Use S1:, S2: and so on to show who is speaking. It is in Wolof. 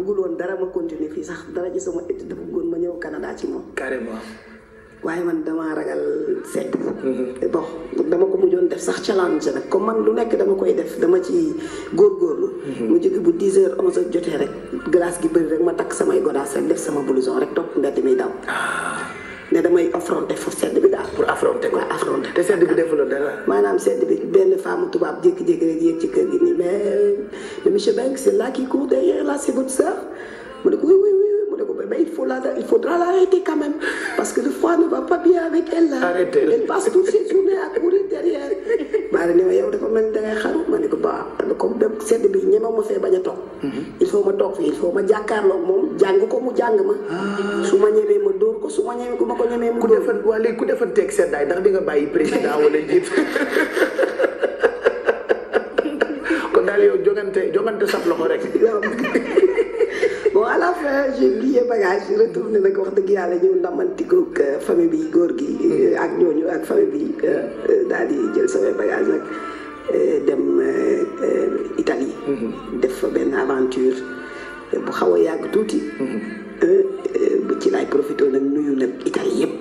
S1: bëggul woon dara ma continuer fii sax dara ci sama étude dafa bëggoon ma ñëw Canada ci moom. carrément. waaye man damaa ragal sedd. Mm-hmm. bon dama ko mujjoon def sax challenge nag comme man lu nekk dama koy def dama ci góorgóorlu. Mm-hmm. mu jóge bu 10 heures 11 heures jotee rek glace gi bëri rek ma takk samay godaas rek def sama blouson rek topp mbedd mi daw. Ah. ne damay affronter foofu sedd bi daal. pour affronter ko waaw affronter. te sedd bi defuloo dara. maanaam sedd bi benn femme tubaab jékki-jékki rek yéeg ci kër gi nii mais. mais monsieur Beng c'est là qui court derrière là c'est votre sœur mu ne ko oui oui oui mu ne ko la il faudra l'arrêter quand même parce que le foie ne va pas bien avec elle là. arrêtez elle passe ko ba comme dem sedd bi ñeme ma fee bañ a toog. Mhm. il faut ma toog fii il faut moom jàng ko mu jàng ma. Ah. su ma ñemee ma dóor ko su ma ñemee ku ma ko ñemee mu dóor. ku defar waa léegi ku defanteeg seddaay ndax di nga bàyyi président wala njiit.
S2: jongante jongante sab loxo rek.
S1: bon à la fin j'ai oublié bagage yi nag wax dëgg yàlla ñëw ndamanti groupe euh, famille bi góor gi. Euh, ak ñooñu ak famille bi euh, daal di jël samay bagage nag dem Italie. Mhm. def benn aventure
S3: bu xaw a yàgg tuuti. Mhm.